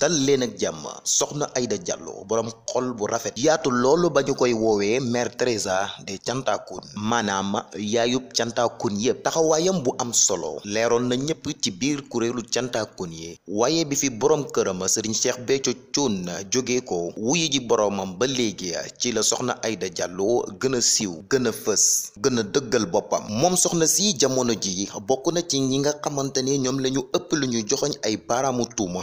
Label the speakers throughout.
Speaker 1: dal leen ak jàmm soxna Aida jàlloo boroom xol bu rafet yaatu loolu ba ñu koy woowee mère Teresa de Cantakun maanaam yaayub Cantakun yépp taxawaayam bu am solo leeroon na ñépp ci biir kuréelu Cantakun yi waaye bi fi borom këram Serigne Cheikh Béthio na jóge ko wuyu ji boroomam ba léegi ci la soxna Aida jàlloo gën a siiw gën a fës gën a dëggal boppam moom soxna si jamono ji bokk na ci ñi nga xamante ne ñoom la ñu ëpp lu ñuy joxoñ ay baaraamu tuuma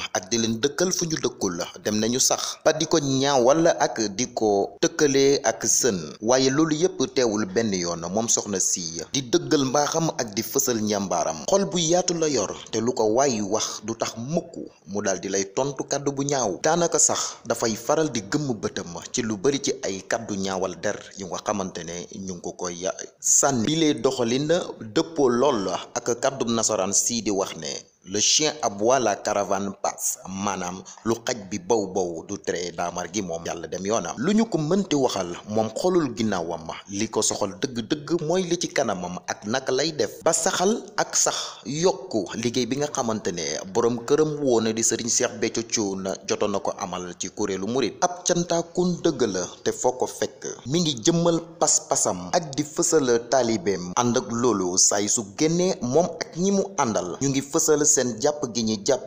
Speaker 1: dëkkal ñu dëkkul dem nañu sax ba di ko ñaawal ak di ko tëkkalee ak sën waaye loolu yépp teewul benn yoon moom soxna si di dëggal mbaaxam ak di fësal njàmbaaram xol bu yaatu la yor te lu ko waay wax du tax mukk mu daal di lay tontu kàddu bu ñaaw daanaka sax dafay faral di gëmm bëtam ci lu bari ci ay kàddu ñaawal der yu nga xamante ne ñu ngi ko koy sànni bi lee doxalin dëppoo lool ak kàddum nasoraan sii di wax ne le chien aboie la caravane passe maanaam lu xaj bi bow bow du tree daamar gi moom yàlla dem yoonam lu ñu ko mënti waxal moom xoolul ginnaawam li ko soxal dëgg-dëgg mooy li ci kanamam ak naka lay def ba saxal ak sax yokk liggéey bi nga xamante ne borom këram woona di sëriñ Seex Béthio Thioune jotoon na ko amal ci kuréelu murit ab cantaakun dëgg la te foo ko fekk mi ngi jëmmal pas-pasam ak di fësal taalibeem ànd ak loolu saay su génnee moom ak ñi mu àndal seen jàpp gi ñu jàpp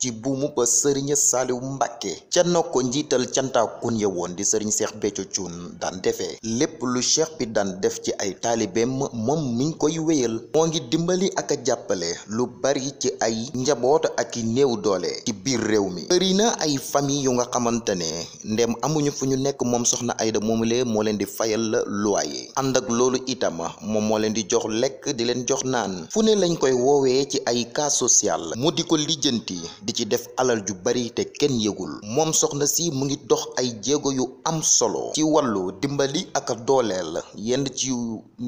Speaker 1: ci buumu ba sëriñ Saaliw Mbàkke ca na ko njiital cantaakun ya woon di sëriñ Seex Béthio Thioune daan defee lépp lu cheikh bi daan def ci ay taalibeem moom mi koy wéyal moo ngi dimbali ak jàppale lu bari ci ay njaboot ak i néew doole ci biir réew mi bëri na ay famille yu nga xamante ne ndem amuñu fu ñu nekk moom soxna Aida moomule moo leen di fayal loyer ànd ak loolu itam moom moo leen di jox lekk di leen jox naan fu ne lañ koy woowee ci ay cas yàlla mu di ko lijjanti di ci def alal ju bari te kenn yëgul moom soxna si mu ngi dox ay jéego yu am solo ci wàllu dimbali ak dooleel yenn ci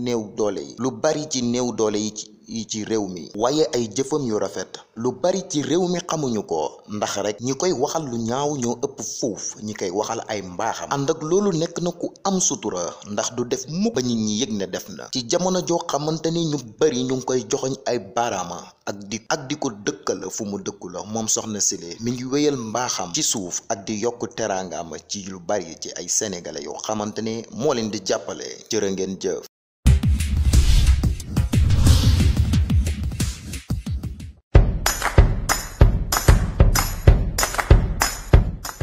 Speaker 1: néew doole yi lu bari ci néew doole yi ci yi ci réew mi waaye ay jëfam yu rafet lu bari ci réew mi xamuñu ko ndax rek ñi koy waxal lu ñaaw ñoo ëpp fuuf ñi koy waxal ay mbaaxam ànd ak loolu nekk na ku am sutura ndax du def mukk ba nit ñi yëg ne def na ci jamono joo xamante ni ñu bari ñu ngi koy joxoñ ay baaraama ak di ak di ko dëkkal fu mu dëkku la moom soxna Sile mi ngi wéyal mbaaxam ci suuf ak di yokk teraangaam ci lu bari ci ay sénégalais yoo xamante ne moo leen di jàppale jërë ngeen jëf